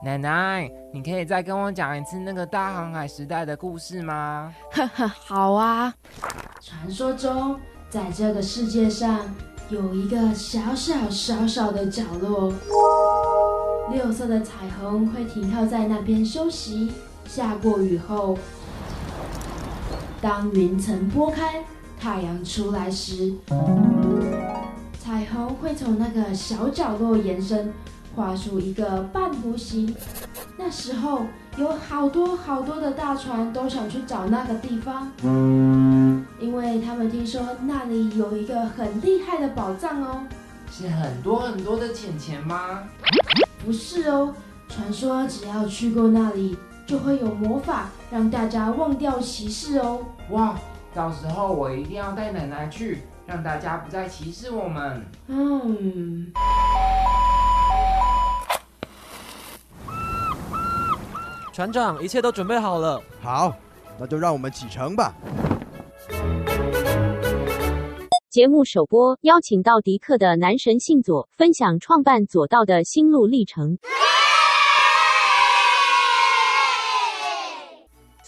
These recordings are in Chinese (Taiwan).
奶奶，你可以再跟我講一次那個大航海時代的故事嗎？哈哈，好啊。傳說中，在這個世界上有一個小小小小的角落，六色的彩虹會停靠在那邊休息。下過雨後，當雲層撥開，太陽出來時，彩虹會從那個小角落延伸。畫出一個半弧形。那時候有好多好多的大船都想去找那個地方，嗯，因為他們聽說那裡有一個很厲害的寶藏哦。是很多很多的錢錢嗎？不是哦，傳說只要去過那裡，就會有魔法讓大家忘掉歧視哦。哇，到時候我一定要帶奶奶去，讓大家不再歧視我們。嗯。船長，一切都準備好了。好，那就讓我們啟程吧。節目首播，邀請到迪克的男神信佐分享創辦左道的心路歷程。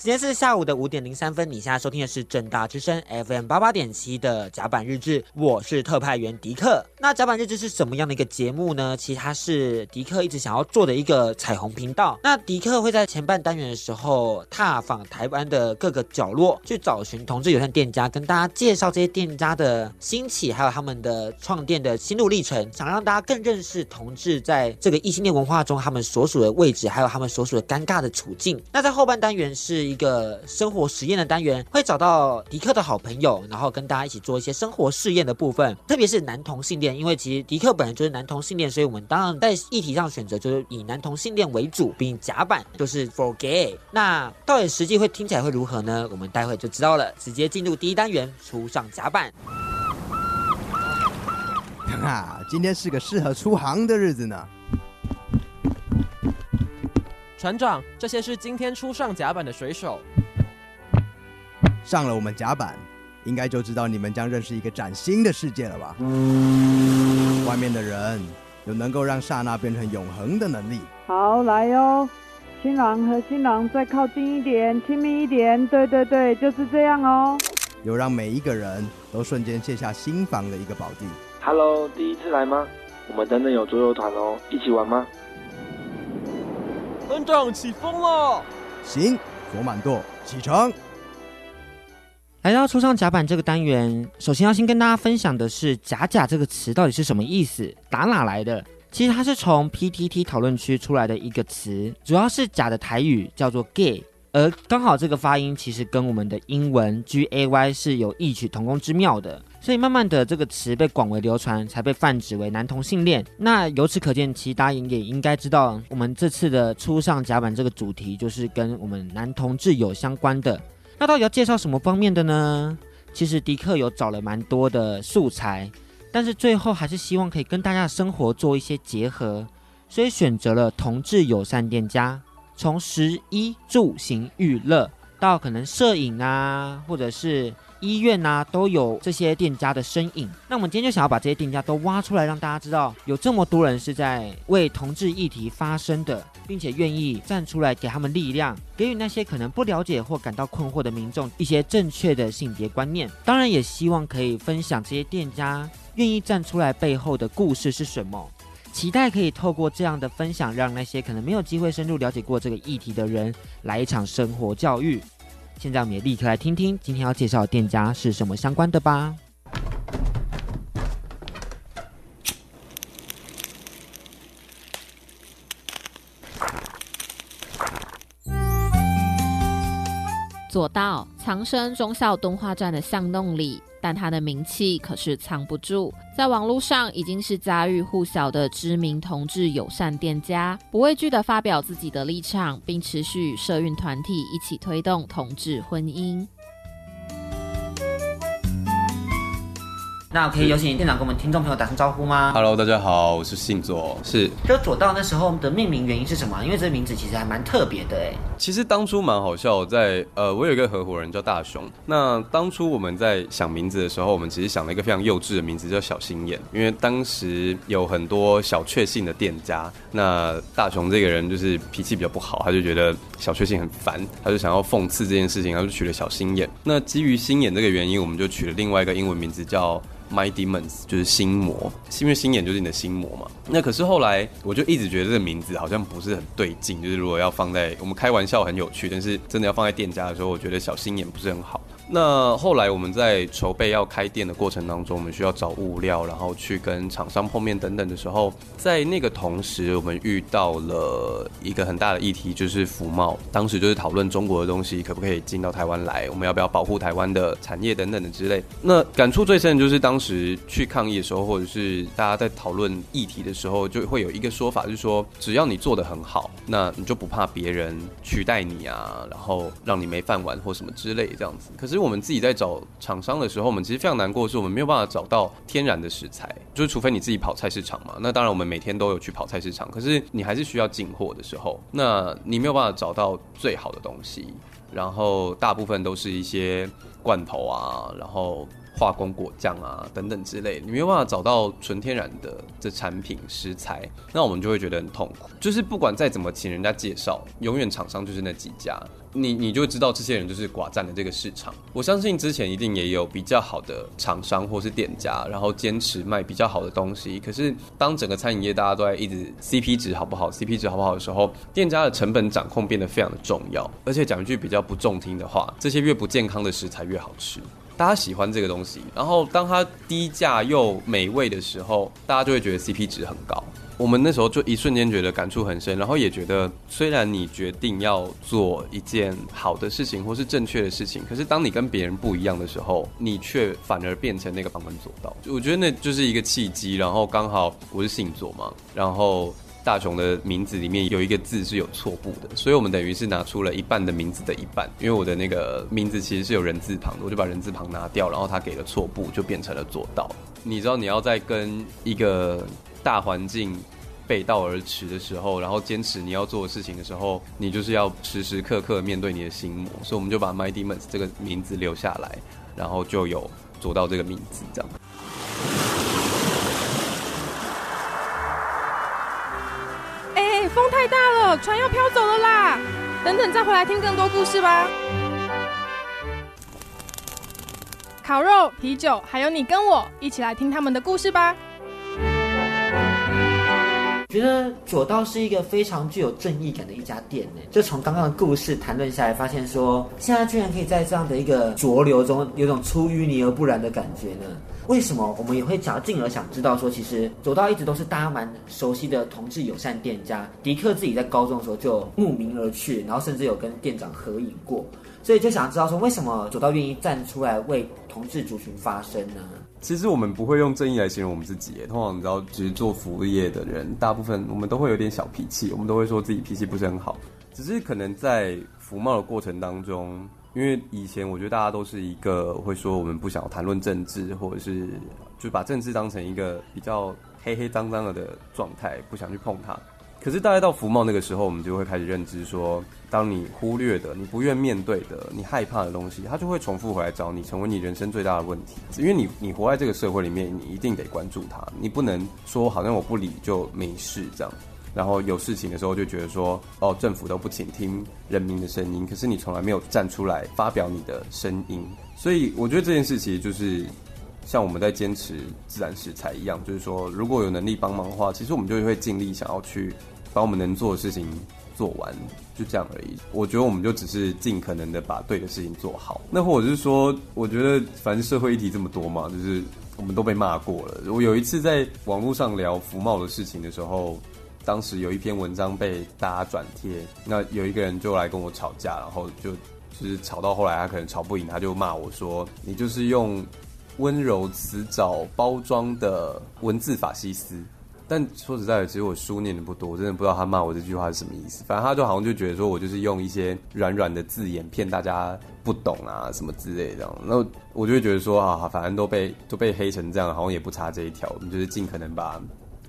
時間是下午的五點零三分，你現在收聽的是政大之聲 FM 八八點七的甲板日誌，我是特派員迪克。那甲板日誌是什麼樣的一個節目呢？其實它是迪克一直想要做的一個彩虹頻道。那迪克會在前半單元的時候踏訪台灣的各個角落，去找尋同志友善店家，跟大家介紹這些店家的興起，還有他們的創店的心路歷程，想讓大家更認識同志在這個異性戀文化中他們所屬的位置，還有他們所屬的尷尬的處境。那在後半單元是。一個生活實驗的單元，會找到迪克的好朋友，然後跟大家一起做一些生活試驗的部分，特別是男同性戀，因為其實迪克本來就是男同性戀，所以我們當然在議題上選擇就是以男同性戀為主。畢竟甲板就是 for gay，那到底實際會聽起來會如何呢？我們待會就知道了。直接進入第一單元，初上甲板。啊，今天是個適合出航的日子呢。船長，這些是今天初上甲板的水手。上了我們甲板，應該就知道你們將認識一個嶄新的世界了吧？外面的人有能夠讓剎那變成永恆的能力。好，來哦，新郎和新郎再靠近一點，親密一點。對對對，就是這樣哦。有讓每一個人都瞬間卸下心防的一個寶地。Hello，第一次來嗎？我們等等有桌遊團哦，一起玩嗎？船長，起風了。行，左滿舵，啟程。來到初上甲板這個單元，首先要先跟大家分享的是“甲甲”這個詞到底是什麼意思，打哪來的？其實它是從 PTT 討論區出來的一個詞，主要是“甲”的台語叫做 “gay”，而剛好這個發音其實跟我們的英文 “gay” 是有異曲同工之妙的。所以慢慢的這個詞被廣為流傳，才被泛指為男同性戀。那由此可見，其他人也應該知道，我們這次的初上甲板這個主題就是跟我們男同志有相關的。那到底要介紹什麼方面的呢？其實迪克有找了蠻多的素材，但是最後還是希望可以跟大家的生活做一些結合，所以選擇了同志友善店家，從食衣住行娛樂到可能攝影啊，或者是。醫院吶、啊、都有這些店家的身影，那我們今天就想要把這些店家都挖出來，讓大家知道有這麼多人是在為同志議題發聲的，並且願意站出來給他們力量，給予那些可能不了解或感到困惑的民眾一些正確的性別觀念。當然也希望可以分享這些店家願意站出來背後的故事是什麼，期待可以透過這樣的分享，讓那些可能沒有機會深入了解過這個議題的人來一場生活教育。現在我們也立刻來聽聽今天要介紹的店家是什麼相關的吧。左道，強生忠孝敦化站的巷弄裡。但他的名氣可是藏不住，在網絡上已經是家喻戶曉的知名同志友善店家，不畏懼的發表自己的立場，並持續與社運團體一起推動同志婚姻。那可以有請店長跟我們聽眾朋友打聲招呼嗎？Hello，大家好，我是信佐，是。就左道那時候的命名原因是什麼？因為這名字其實還蠻特別的誒。其實當初蠻好笑，在呃，我有一個合夥人叫大雄。那當初我們在想名字的時候，我們其實想了一個非常幼稚的名字叫小心眼，因為當時有很多小確幸的店家。那大雄這個人就是脾氣比較不好，他就覺得小確幸很煩，他就想要諷刺這件事情，他就取了小心眼。那基於心眼這個原因，我們就取了另外一個英文名字叫。Mind Demons 就是心魔，因為心眼就是你的心魔嘛。那可是後來我就一直覺得這個名字好像不是很對勁，就是如果要放在我們開玩笑很有趣，但是真的要放在店家的時候，我覺得小心眼不是很好。那後來我們在籌備要開店的過程當中，我們需要找物料，然後去跟廠商碰面等等的時候，在那個同時，我們遇到了一個很大的議題，就是服貿。當時就是討論中國的東西可不可以進到台灣來，我們要不要保護台灣的產業等等的之類。那感觸最深的就是當時去抗議的時候，或者是大家在討論議題的時候，就會有一個說法，就是說只要你做得很好，那你就不怕別人取代你啊，然後讓你沒飯碗或什麼之類這樣子。可是。因為我們自己在找廠商的時候，我們其實非常難過，是我們沒有辦法找到天然的食材，就是除非你自己跑菜市場嘛。那當然，我們每天都有去跑菜市場，可是你還是需要進貨的時候，那你沒有辦法找到最好的東西，然後大部分都是一些罐頭啊，然後。化工果醬啊，等等之類，你沒有辦法找到純天然的這產品食材，那我們就會覺得很痛苦。就是不管再怎麼請人家介紹，永遠廠商就是那幾家，你你就會知道這些人就是寡占了這個市場。我相信之前一定也有比較好的廠商或是店家，然後堅持賣比較好的東西。可是當整個餐飲業大家都在一直 CP 值好不好，CP 值好不好的時候，店家的成本掌控變得非常的重要。而且講一句比較不中聽的話，這些越不健康的食材越好吃。大家喜歡這個東西，然後當它低價又美味的時候，大家就會覺得 CP 值很高。我們那時候就一瞬間覺得感觸很深，然後也覺得雖然你決定要做一件好的事情或是正確的事情，可是當你跟別人不一樣的時候，你卻反而變成那個旁門左道。我覺得那就是一個契機，然後剛好我是姓佐嘛，然後。大雄的名字裡面有一個字是有錯部的，所以我們等於是拿出了一半的名字的一半，因為我的那個名字其實是有人字旁的，我就把人字旁拿掉，然後他給了錯部，就變成了左道。你知道你要在跟一個大環境背道而馳的時候，然後堅持你要做的事情的時候，你就是要時時刻刻面對你的心魔，所以我們就把 Mind Demons 這個名字留下來，然後就有左道這個名字這樣。船要飄走了啦！等等，再回來聽更多故事吧。烤肉、啤酒，還有你跟我一起來聽他們的故事吧。覺得左道是一個非常具有正義感的一家店呢。就從剛剛的故事談論下來，發現說，現在居然可以在這樣的一個濁流中，有種出淤泥而不染的感覺呢。為什麼我們也會想進而想知道說，其實左道一直都是大家蠻熟悉的同志友善店家，迪克自己在高中的時候就慕名而去，然後甚至有跟店長合影過，所以就想知道說，為什麼左道願意站出來為同志族群發聲呢？其實我們不會用正義來形容我們自己，通常你知道，其實做服務業的人，大部分我們都會有點小脾氣，我們都會說自己脾氣不是很好，只是可能在服務的過程當中。因為以前我覺得大家都是一個會說我們不想談論政治，或者是就把政治當成一個比較黑黑髒髒的的狀態，不想去碰它。可是大家到服貿那個時候，我們就會開始認知說，當你忽略的、你不願面對的、你害怕的東西，它就會重複回來找你，成為你人生最大的問題。因為你你活在這個社會裡面，你一定得關注它，你不能說好像我不理就沒事這樣。然後有事情的時候，就覺得說，哦，政府都不傾聽人民的聲音，可是你從來沒有站出來發表你的聲音。所以我覺得這件事其實就是像我們在堅持自然食材一樣，就是說，如果有能力幫忙的話，其實我們就會盡力想要去把我們能做的事情做完，就這樣而已。我覺得我們就只是盡可能的把對的事情做好。那或者是說，我覺得反正社會議題這麼多嘛，就是我們都被罵過了。我有一次在網絡上聊服貿的事情的時候。當時有一篇文章被大家轉貼，那有一個人就來跟我吵架，然後就就是吵到後來，他可能吵不贏，他就罵我說：“你就是用溫柔詞藻包裝的文字法西斯。”但說實在的，其實我書念的不多，我真的不知道他罵我這句話是什麼意思。反正他就好像就覺得說我就是用一些軟軟的字眼騙大家不懂啊什麼之類的。然後那我就會覺得說啊，反正都被都被黑成這樣，好像也不差這一條，我們就是盡可能把。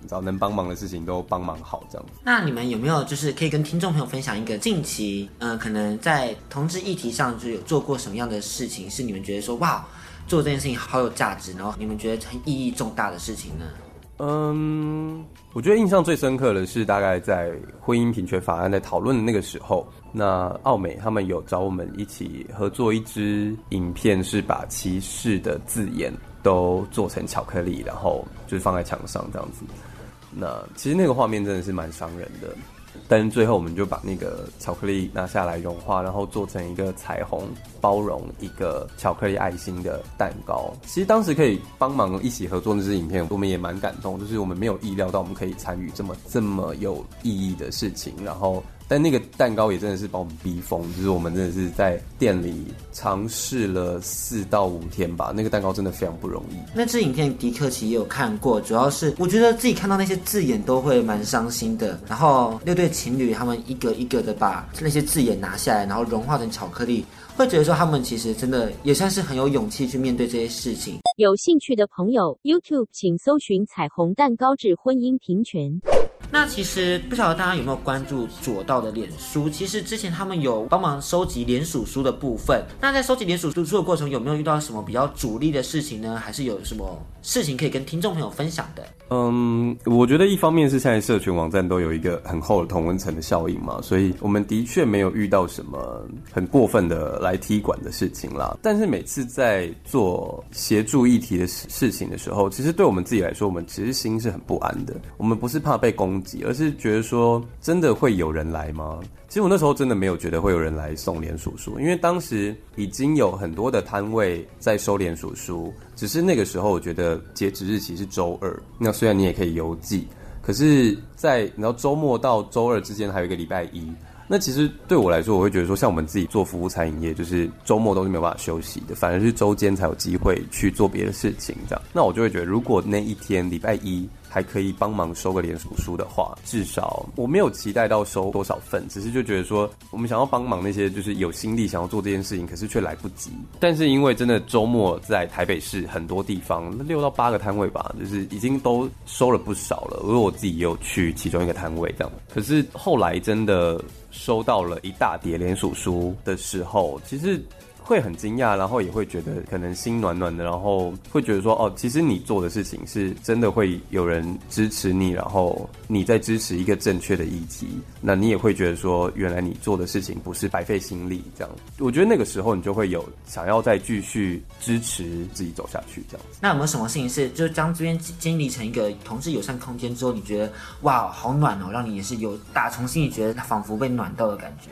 找能幫忙的事情都幫忙好，這樣子。那你們有沒有就是可以跟聽眾朋友分享一個近期，嗯、呃，可能在同志議題上就有做過什麼樣的事情，是你們覺得說哇，做這件事情好有價值，然後你們覺得很意義重大的事情呢？嗯，我覺得印象最深刻的是大概在婚姻平權法案在討論的那個時候，那奧美他們有找我們一起合作一支影片，是把歧視的字眼都做成巧克力，然後就是放在牆上這樣子。那其實那個畫面真的是蠻傷人的，但是最後我們就把那個巧克力拿下來融化，然後做成一個彩虹，包容一個巧克力愛心的蛋糕。其實當時可以幫忙一起合作那支影片，我們也蠻感動，就是我們沒有意料到我們可以參與這麼這麼有意義的事情，然後。但那個蛋糕也真的是把我們逼瘋，就是我們真的是在店裡嘗試了四到五天吧，那個蛋糕真的非常不容易。那支影片迪克奇也有看過，主要是我覺得自己看到那些字眼都會蠻傷心的。然後六對情侶他們一個一個的把那些字眼拿下來，然後融化成巧克力。會覺得說他們其實真的也算是很有勇氣去面對這些事情。有興趣的朋友，YouTube 請搜尋“彩虹蛋糕之婚姻平權”。那其實不曉得大家有沒有關注左道的臉書？其實之前他們有幫忙收集連署書的部分。那在收集連署書的過程，有沒有遇到什麼比較阻力的事情呢？還是有什麼事情可以跟聽眾朋友分享的？嗯，我覺得一方面是現在社群網站都有一個很厚的同溫層的效應嘛，所以我們的確沒有遇到什麼很過分的來。來踢館的事情啦，但是每次在做協助議題的事情的時候，其實對我們自己來說，我們其實心是很不安的。我們不是怕被攻擊，而是覺得說真的會有人來嗎？其實我那時候真的沒有覺得會有人來送連署書，因為當時已經有很多的攤位在收連署書，只是那個時候我覺得截止日期是周二。那雖然你也可以郵寄，可是，在你知道周末到周二之間還有一個禮拜一。那其實對我來說，我會覺得說，像我們自己做服務餐飲業，就是周末都是沒有辦法休息的，反而是周間才有機會去做別的事情，這樣。那我就會覺得，如果那一天禮拜一還可以幫忙收個連署書的話，至少我沒有期待到收多少份，只是就覺得說，我們想要幫忙那些就是有心力想要做這件事情，可是卻來不及。但是因為真的周末在台北市很多地方，六到八個攤位吧，就是已經都收了不少了。因我自己也有去其中一個攤位這樣，可是後來真的。收到了一大疊連署書的時候，其實。會很驚訝，然後也會覺得可能心暖暖的，然後會覺得說哦，其實你做的事情是真的會有人支持你，然後你在支持一個正確的議題，那你也會覺得說，原來你做的事情不是白費心力。這樣，我覺得那個時候你就會有想要再繼續支持自己走下去這樣。那有沒有什麼事情是，就將這邊建立成一個同志友善空間之後，你覺得哇，好暖哦，讓你也是有打從心裡覺得它仿佛被暖到的感覺？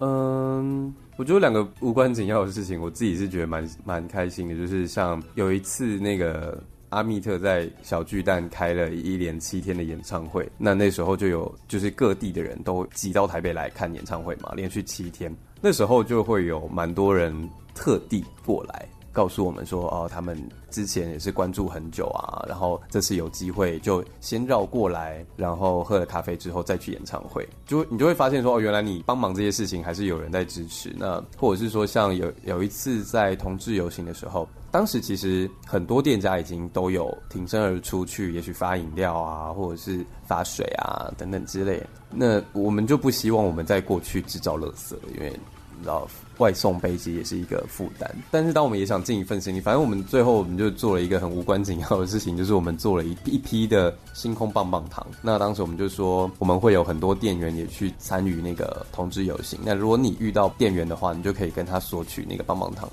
嗯。我覺得兩個無關緊要的事情，我自己是覺得蠻蠻開心的，就是像有一次那個阿密特在小巨蛋開了一連七天的演唱會，那那時候就有就是各地的人都擠到台北來看演唱會嘛，連續七天，那時候就會有蠻多人特地過來。告訴我們說哦，他們之前也是關注很久啊，然後這次有機會就先繞過來，然後喝了咖啡之後再去演唱會，就你就會發現說哦，原來你幫忙這些事情還是有人在支持。那或者是說，像有有一次在同志遊行的時候，當時其實很多店家已經都有挺身而出去，也許發飲料啊，或者是發水啊等等之類的。那我們就不希望我們在過去制造垃圾，因為。然後外送杯子也是一個負擔，但是當我們也想盡一份心力，反正我們最後我們就做了一個很無關緊要的事情，就是我們做了一一批的星空棒棒糖。那當時我們就說，我們會有很多店員也去參與那個同志遊行。那如果你遇到店員的話，你就可以跟他索取那個棒棒糖。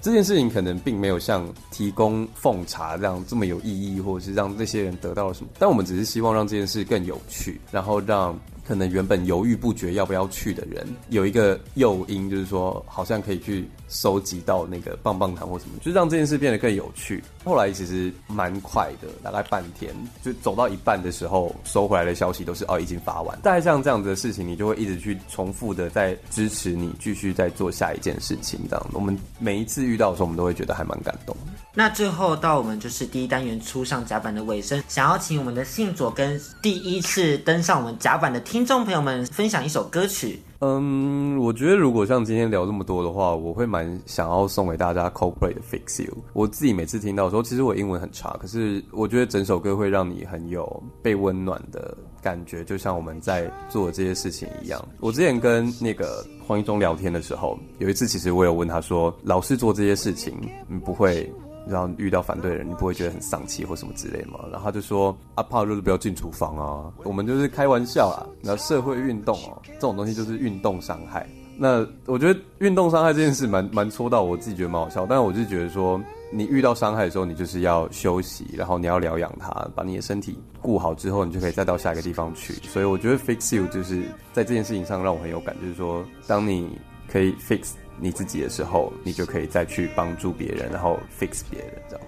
這件事情可能並沒有像提供奉茶這樣這麼有意義，或者是讓這些人得到了什麼，但我們只是希望讓這件事更有趣，然後讓。可能原本猶豫不決要不要去的人，有一個誘因就是說，好像可以去收集到那個棒棒糖或什麼，就讓這件事變得更有趣。後來其實蠻快的，大概半天就走到一半的時候，收回來的消息都是哦，已經發完。大概像這樣子的事情，你就會一直去重複的在支持你繼續在做下一件事情。這樣，我們每一次遇到的時候，我們都會覺得還蠻感動。那最後到我們就是第一單元初上甲板的尾聲，想要請我們的信佐跟第一次登上我們甲板的聽眾朋友們分享一首歌曲。嗯，我覺得如果像今天聊這麼多的話，我會蠻想要送給大家 Coldplay 的 Fix You。我自己每次聽到的時候，其實我英文很差，可是我覺得整首歌會讓你很有被溫暖的感覺，就像我們在做的這些事情一樣。我之前跟那個黃一中聊天的時候，有一次其實我有問他說，老是做這些事情，你不會？然後遇到反對的人，你不會覺得很喪氣或什麼之類嗎？然後他就說：“阿、啊、怕熱就不要進廚房啊，我們就是開玩笑啦、啊。”那社會運動哦、啊，這種東西就是運動傷害。那我覺得運動傷害這件事蠻蠻戳到我，我自己，覺得蠻好笑。但我就覺得說，你遇到傷害的時候，你就是要休息，然後你要療養它，把你的身體顧好之後，你就可以再到下一個地方去。所以我覺得 fix you 就是在這件事情上讓我很有感，就是說，當你可以 fix。你自己的時候，你就可以再去幫助別人，然後 fix 別人這樣子。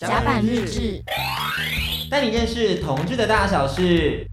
甲板日誌，帶你認識同志的大小事。